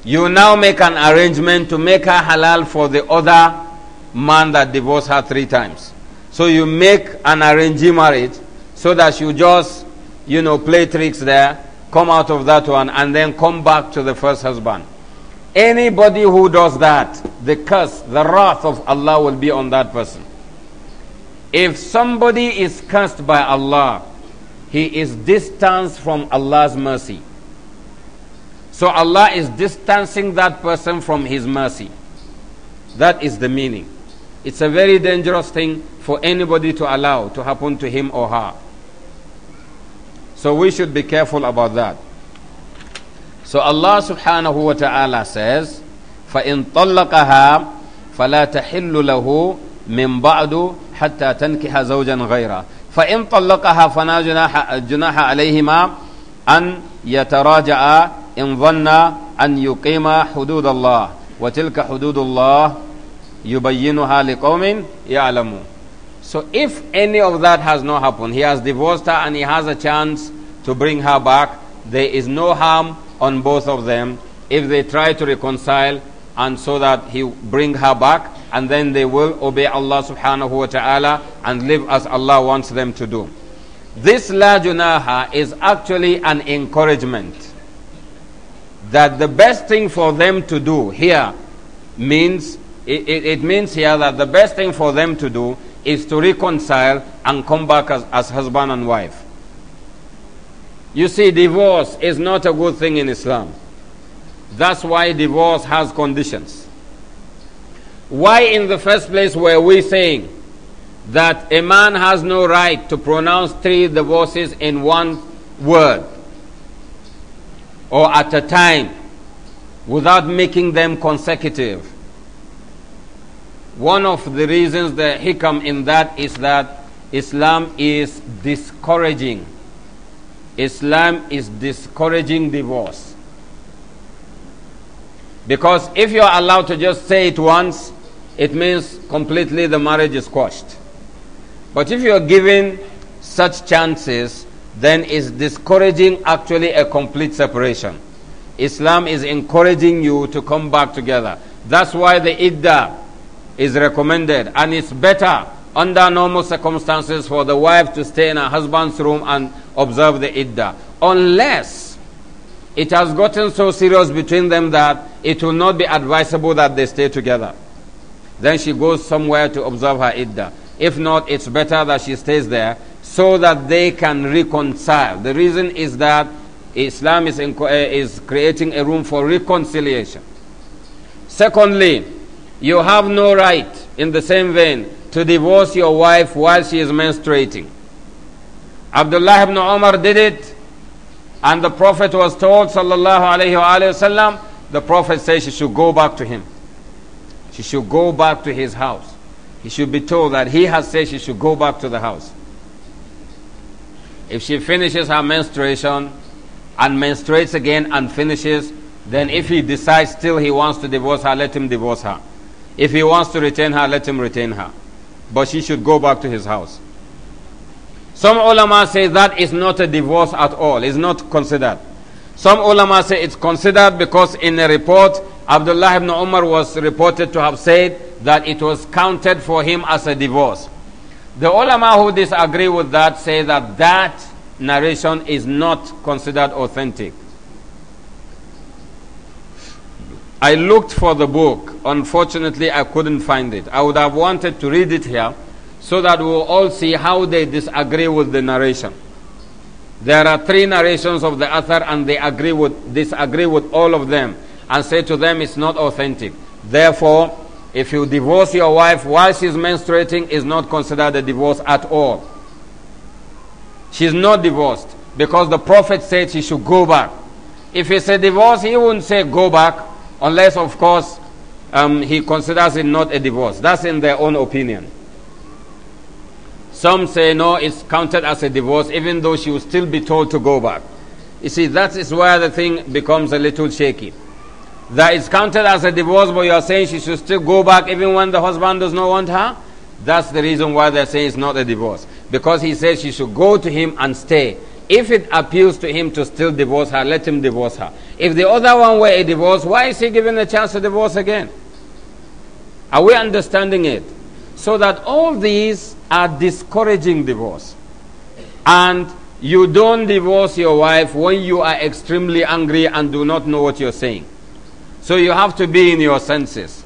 You now make an arrangement to make her halal for the other man that divorced her three times. So you make an arranged marriage so that you just, you know, play tricks there, come out of that one, and then come back to the first husband. Anybody who does that, the curse, the wrath of Allah will be on that person. If somebody is cursed by Allah, he is distanced from Allah's mercy. So Allah is distancing that person from His mercy. That is the meaning. It's a very dangerous thing for anybody to allow to happen to him or her. So we should be careful about that. So Allah subhanahu wa ta'ala says, فإن طلقها فلا تحل له من بعد حتى تنكح زوجا غيره فإن طلقها فلا جناح, جناح عليهما أن يتراجعا إن ظن أن يقيم حدود الله وتلك حدود الله يبينها لقوم يعلمون So if any of that has not happened, he has divorced her and he has a chance to bring her back, there is no harm on both of them if they try to reconcile and so that he bring her back and then they will obey Allah subhanahu wa ta'ala and live as Allah wants them to do. This la junaha is actually an encouragement that the best thing for them to do here means it, it, it, means here that the best thing for them to do is to reconcile and come back as, as husband and wife. You see, divorce is not a good thing in Islam. That's why divorce has conditions. Why, in the first place, were we saying that a man has no right to pronounce three divorces in one word or at a time without making them consecutive? One of the reasons he hikam in that is that Islam is discouraging. Islam is discouraging divorce. Because if you are allowed to just say it once, it means completely the marriage is quashed. But if you are given such chances, then it's discouraging actually a complete separation. Islam is encouraging you to come back together. That's why the iddah is recommended, and it's better under normal circumstances for the wife to stay in her husband's room and observe the iddah, unless it has gotten so serious between them that it will not be advisable that they stay together. Then she goes somewhere to observe her idda. If not, it's better that she stays there so that they can reconcile. The reason is that Islam is, in, uh, is creating a room for reconciliation. Secondly, you have no right, in the same vein, to divorce your wife while she is menstruating. Abdullah ibn Omar did it and the Prophet was told, sallallahu alayhi wasallam, the Prophet says she should go back to him. She should go back to his house. He should be told that he has said she should go back to the house. If she finishes her menstruation and menstruates again and finishes, then if he decides still he wants to divorce her, let him divorce her. If he wants to retain her, let him retain her. But she should go back to his house. Some ulama say that is not a divorce at all, it's not considered. Some ulama say it's considered because in a report, Abdullah ibn Umar was reported to have said that it was counted for him as a divorce. The ulama who disagree with that say that that narration is not considered authentic. I looked for the book. Unfortunately, I couldn't find it. I would have wanted to read it here so that we'll all see how they disagree with the narration. There are three narrations of the author, and they agree with, disagree with all of them and say to them it's not authentic. Therefore, if you divorce your wife while she's menstruating, is not considered a divorce at all. She's not divorced because the prophet said she should go back. If it's a divorce, he wouldn't say go back unless, of course, um, he considers it not a divorce. That's in their own opinion. Some say no, it's counted as a divorce, even though she will still be told to go back. You see, that is where the thing becomes a little shaky. That is counted as a divorce, but you are saying she should still go back even when the husband does not want her? That's the reason why they say it's not a divorce. Because he says she should go to him and stay. If it appeals to him to still divorce her, let him divorce her. If the other one were a divorce, why is he given a chance to divorce again? Are we understanding it? So that all these are discouraging divorce. And you don't divorce your wife when you are extremely angry and do not know what you're saying. So you have to be in your senses.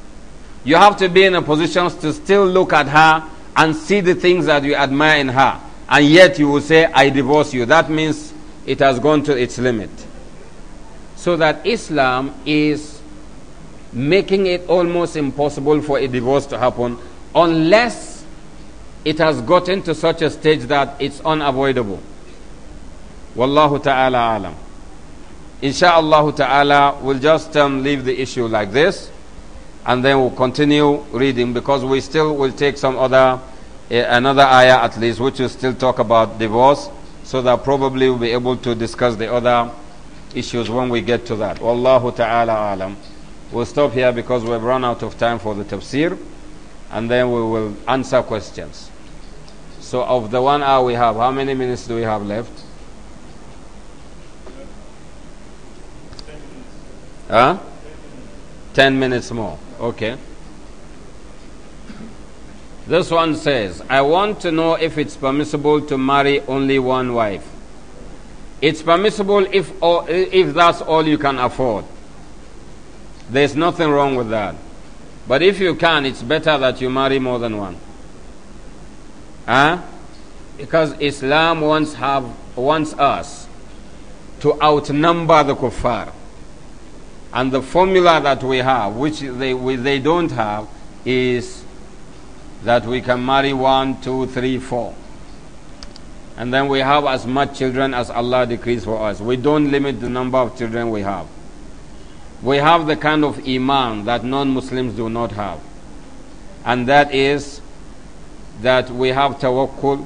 You have to be in a position to still look at her and see the things that you admire in her. And yet you will say, I divorce you. That means it has gone to its limit. So that Islam is making it almost impossible for a divorce to happen unless it has gotten to such a stage that it's unavoidable. Wallahu ta'ala alam. Insha'Allah ta'ala, we'll just um, leave the issue like this and then we'll continue reading because we still will take some other, uh, another ayah at least, which will still talk about divorce so that probably we'll be able to discuss the other issues when we get to that. Wallahu ta'ala alam. We'll stop here because we've run out of time for the tafsir and then we will answer questions. So, of the one hour we have, how many minutes do we have left? Huh? Ten minutes more. Okay. This one says, I want to know if it's permissible to marry only one wife. It's permissible if, if that's all you can afford. There's nothing wrong with that. But if you can, it's better that you marry more than one. Huh? Because Islam wants, have, wants us to outnumber the kuffar. And the formula that we have, which they, we, they don't have, is that we can marry one, two, three, four. And then we have as much children as Allah decrees for us. We don't limit the number of children we have. We have the kind of iman that non Muslims do not have, and that is that we have tawakkul,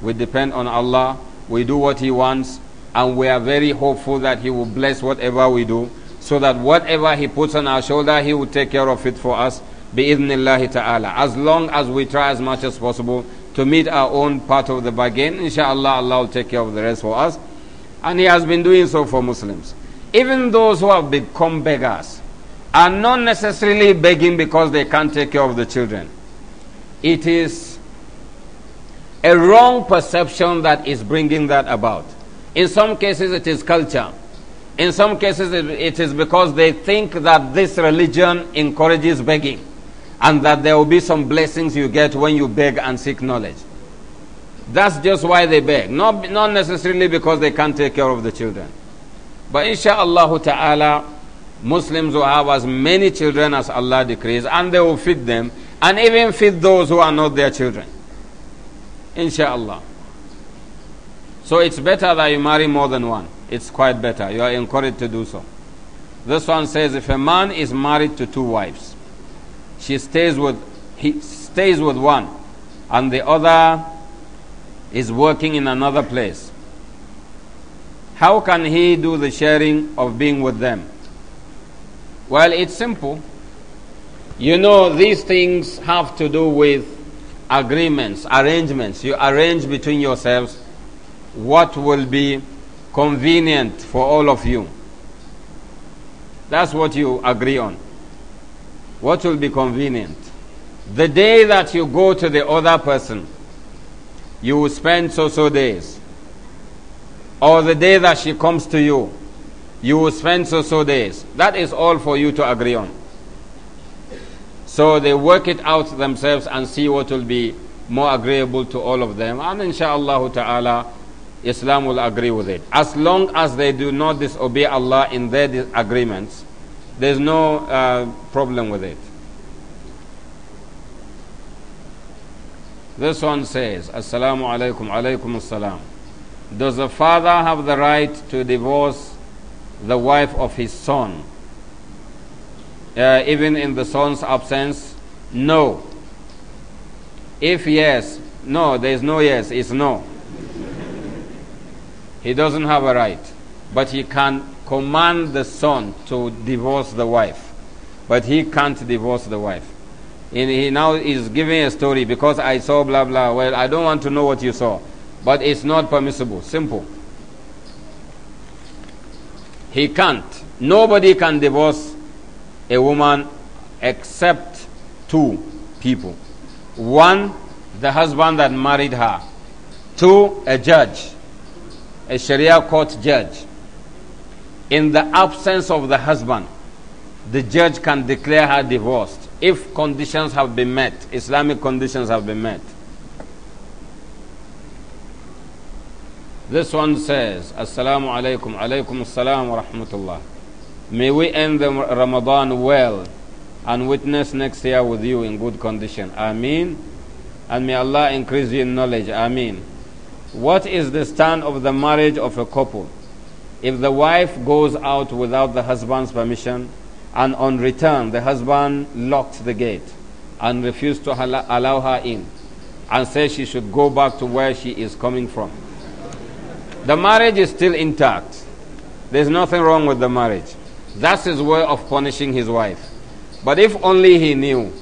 we depend on Allah, we do what He wants, and we are very hopeful that He will bless whatever we do, so that whatever He puts on our shoulder, He will take care of it for us, idhnillahi ta'ala. As long as we try as much as possible to meet our own part of the bargain, inshallah, Allah will take care of the rest for us. And He has been doing so for Muslims even those who have become beggars are not necessarily begging because they can't take care of the children. It is a wrong perception that is bringing that about. In some cases, it is culture. In some cases, it is because they think that this religion encourages begging and that there will be some blessings you get when you beg and seek knowledge. That's just why they beg, not, not necessarily because they can't take care of the children. But insha'Allah ta'ala, Muslims will have as many children as Allah decrees, and they will feed them, and even feed those who are not their children. Insha'Allah. So it's better that you marry more than one. It's quite better. You are encouraged to do so. This one says if a man is married to two wives, she stays with he stays with one and the other is working in another place. How can he do the sharing of being with them? Well, it's simple. You know, these things have to do with agreements, arrangements. You arrange between yourselves what will be convenient for all of you. That's what you agree on. What will be convenient? The day that you go to the other person, you will spend so so days. Or the day that she comes to you, you will spend so so days. That is all for you to agree on. So they work it out themselves and see what will be more agreeable to all of them. And insha'Allah ta'ala, Islam will agree with it. As long as they do not disobey Allah in their disagreements, there's no uh, problem with it. This one says, Assalamu alaikum, alaikum assalam. Does a father have the right to divorce the wife of his son, uh, even in the son's absence? No. If yes, no, there is no yes, it's no. he doesn't have a right, but he can command the son to divorce the wife, but he can't divorce the wife. And he now is giving a story because I saw blah blah. Well, I don't want to know what you saw. But it's not permissible. Simple. He can't. Nobody can divorce a woman except two people. One, the husband that married her. Two, a judge, a Sharia court judge. In the absence of the husband, the judge can declare her divorced if conditions have been met, Islamic conditions have been met. This one says, Assalamu alaikum, alaikum assalam wa rahmatullah. May we end the Ramadan well and witness next year with you in good condition. Ameen. And may Allah increase you in knowledge. Ameen. What is the stand of the marriage of a couple? If the wife goes out without the husband's permission and on return the husband locks the gate and refused to allow her in and says she should go back to where she is coming from the marriage is still intact. There's nothing wrong with the marriage. That's his way of punishing his wife. But if only he knew,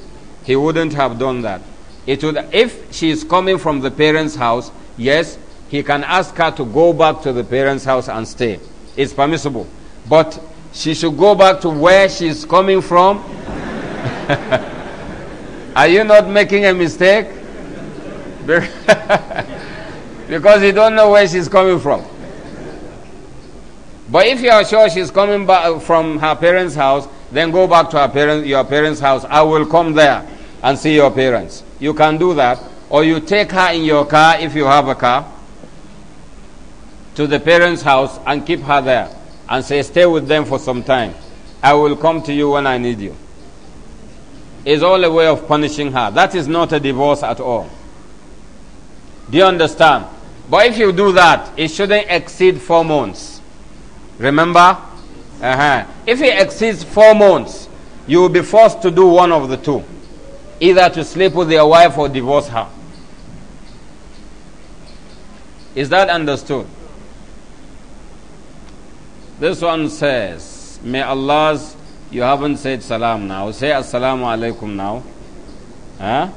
he wouldn't have done that. It would, if she is coming from the parents' house, yes, he can ask her to go back to the parents' house and stay. It's permissible. But she should go back to where she's coming from. Are you not making a mistake? because you don't know where she's coming from. But if you are sure she's coming back from her parents' house, then go back to her parents, your parents' house. I will come there and see your parents. You can do that. Or you take her in your car, if you have a car, to the parents' house and keep her there and say, Stay with them for some time. I will come to you when I need you. Is all a way of punishing her. That is not a divorce at all. Do you understand? But if you do that, it shouldn't exceed four months. Remember? Uh-huh. If it exceeds four months, you will be forced to do one of the two either to sleep with your wife or divorce her. Is that understood? This one says, May Allah's, you haven't said salam now. Say assalamu alaikum now. Huh?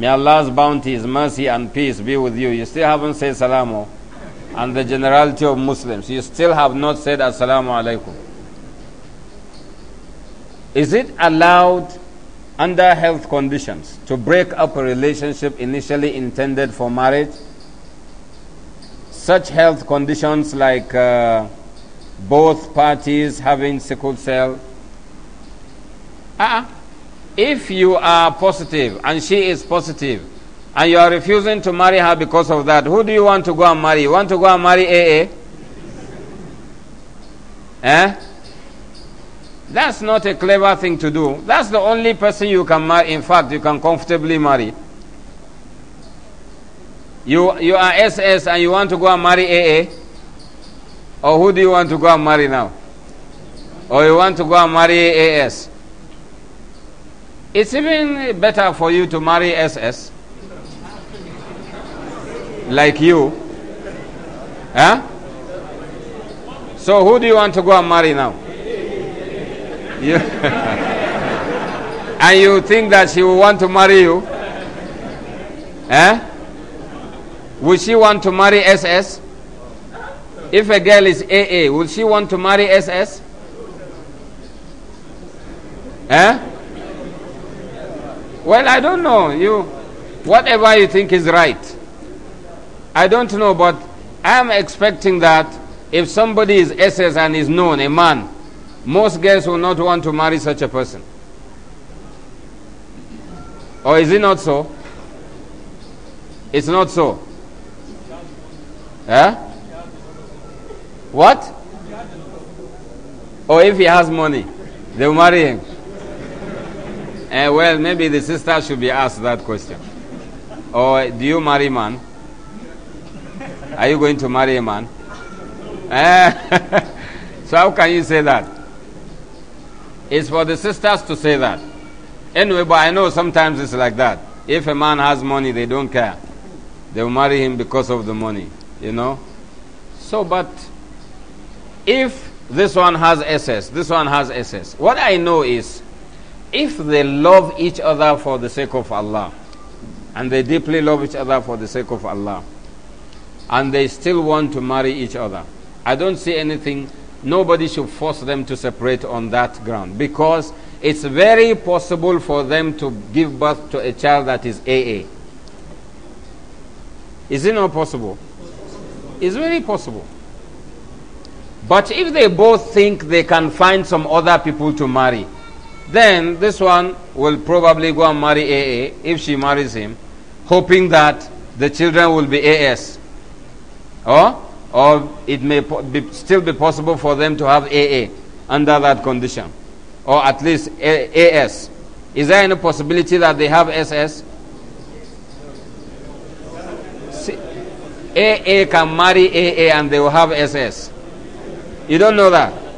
May Allah's bounty, His mercy and peace be with you. You still haven't said salamu. And the generality of Muslims, you still have not said assalamu alaikum. Is it allowed under health conditions to break up a relationship initially intended for marriage? Such health conditions like uh, both parties having sickle cell. Ah, uh -uh. If you are positive and she is positive and you are refusing to marry her because of that, who do you want to go and marry? You want to go and marry AA? eh? That's not a clever thing to do. That's the only person you can marry. In fact, you can comfortably marry. You, you are SS and you want to go and marry AA? Or who do you want to go and marry now? Or you want to go and marry AS? It's even better for you to marry SS like you. Huh? So who do you want to go and marry now? You and you think that she will want to marry you? Eh? Will she want to marry SS? If a girl is AA, will she want to marry SS? Eh? Well, I don't know. You, whatever you think is right. I don't know, but I'm expecting that if somebody is SS and is known, a man, most girls will not want to marry such a person. Or is it not so? It's not so. Huh? What? Or oh, if he has money, they'll marry him. Uh, well, maybe the sister should be asked that question. Or do you marry man? Are you going to marry a man? Uh, so how can you say that? It's for the sisters to say that. Anyway, but I know sometimes it's like that. If a man has money, they don't care. They will marry him because of the money, you know? So, but if this one has SS, this one has SS, what I know is if they love each other for the sake of Allah, and they deeply love each other for the sake of Allah, and they still want to marry each other, I don't see anything, nobody should force them to separate on that ground because it's very possible for them to give birth to a child that is AA. Is it not possible? It's very possible. But if they both think they can find some other people to marry, then this one will probably go and marry AA if she marries him, hoping that the children will be AS. Or, or it may be, still be possible for them to have AA under that condition, or at least a AS. Is there any possibility that they have SS? See, AA can marry AA and they will have SS. You don't know that.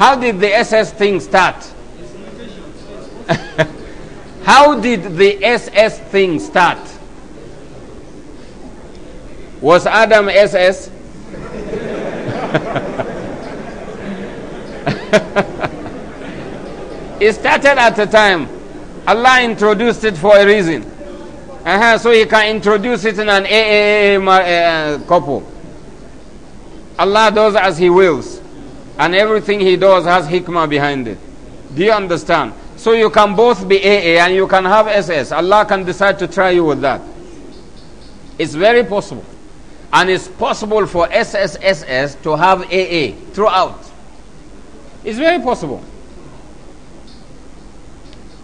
How did the SS thing start? How did the SS thing start? Was Adam SS? it started at a time. Allah introduced it for a reason. Uh -huh, so He can introduce it in an AA eh, eh, couple. Allah does as He wills. And everything he does has hikmah behind it. Do you understand? So you can both be AA and you can have SS. Allah can decide to try you with that. It's very possible. And it's possible for SSSS to have AA throughout. It's very possible.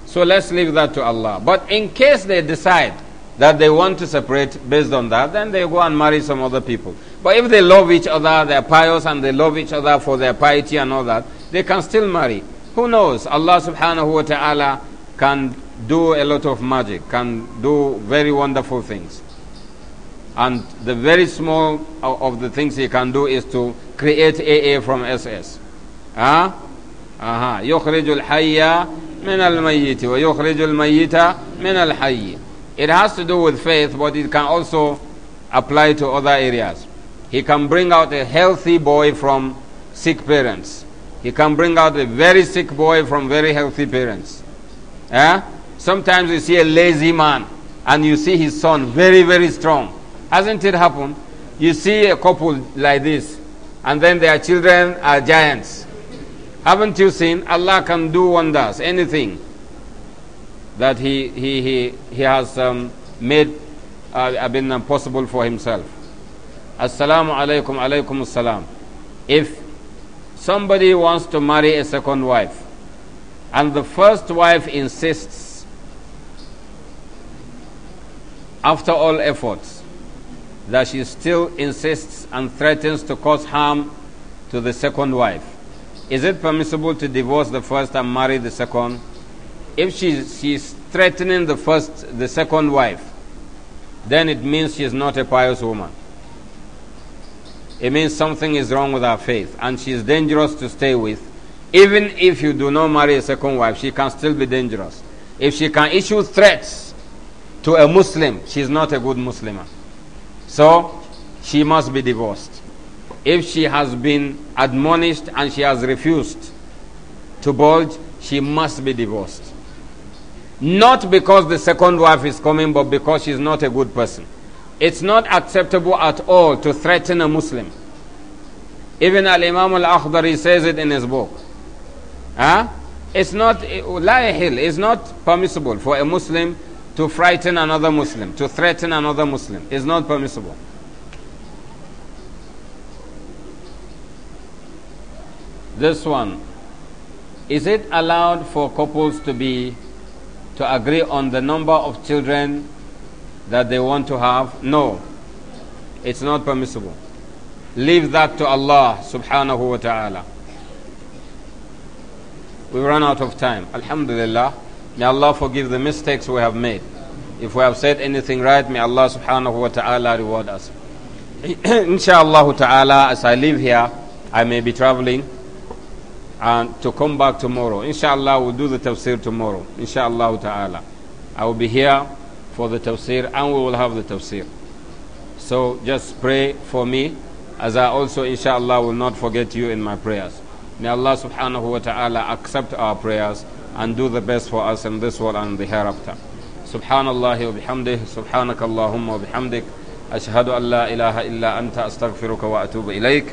So let's leave that to Allah. But in case they decide that they want to separate based on that, then they go and marry some other people. But if they love each other, they're pious and they love each other for their piety and all that, they can still marry. Who knows? Allah subhanahu wa ta'ala can do a lot of magic, can do very wonderful things. And the very small of the things he can do is to create AA from SS. Huh? Uh-huh. يخرج الحي من الميت ويخرج الميت من الحي it has to do with faith, but it can also apply to other areas. He can bring out a healthy boy from sick parents. He can bring out a very sick boy from very healthy parents. Eh? Sometimes you see a lazy man and you see his son very, very strong. Hasn't it happened? You see a couple like this, and then their children are giants. Haven't you seen? Allah can do wonders, anything that he, he, he, he has um, made uh, been possible for himself. Assalamu alaikum alaikum assalam. If somebody wants to marry a second wife and the first wife insists, after all efforts, that she still insists and threatens to cause harm to the second wife, is it permissible to divorce the first and marry the second? If she, she's threatening the first, the second wife, then it means she's not a pious woman. It means something is wrong with her faith and she's dangerous to stay with. Even if you do not marry a second wife, she can still be dangerous. If she can issue threats to a Muslim, she's not a good Muslim. So she must be divorced. If she has been admonished and she has refused to budge, she must be divorced. Not because the second wife is coming, but because she's not a good person. It's not acceptable at all to threaten a Muslim. Even Al Imam Al Akhdari says it in his book. Huh? It's not It's not permissible for a Muslim to frighten another Muslim, to threaten another Muslim. It's not permissible. This one. Is it allowed for couples to be to agree on the number of children that they want to have? No. It's not permissible. Leave that to Allah subhanahu wa ta'ala. We run out of time. Alhamdulillah. May Allah forgive the mistakes we have made. If we have said anything right, may Allah subhanahu wa ta'ala reward us. Inshallah ta'ala, as I live here, I may be traveling and to come back tomorrow. Inshallah, we'll do the tafsir tomorrow. Inshallah ta'ala. I will be here for the tafsir and we will have the tafsir. So just pray for me as I also, inshallah, will not forget you in my prayers. May Allah subhanahu wa ta'ala accept our prayers and do the best for us in this world and the hereafter. سبحان وبحمده سبحانك اللهم وبحمدك أشهد أن لا إله إلا أنت أستغفرك وأتوب إليك